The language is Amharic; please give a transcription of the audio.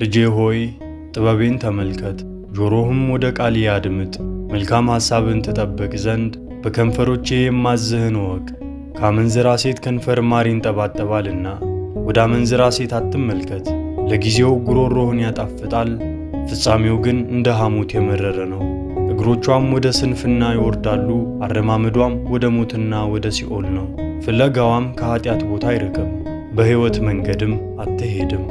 ልጄ ሆይ ጥበቤን ተመልከት፣ ጆሮህም ወደ ቃሌ አድምጥ። መልካም ሐሳብን ትጠብቅ ዘንድ በከንፈሮቼ የማዝህን እወቅ። ከአመንዝራ ሴት ከንፈር ማር ይንጠባጠባልና ወደ አመንዝራ ሴት አትመልከት። ለጊዜው ጉሮሮህን ያጣፍጣል፣ ፍጻሜው ግን እንደ ሐሞት የመረረ ነው። እግሮቿም ወደ ስንፍና ይወርዳሉ፣ አረማመዷም ወደ ሞትና ወደ ሲኦል ነው። ፍለጋዋም ከኀጢአት ቦታ አይርቅም፣ በሕይወት መንገድም አትሄድም።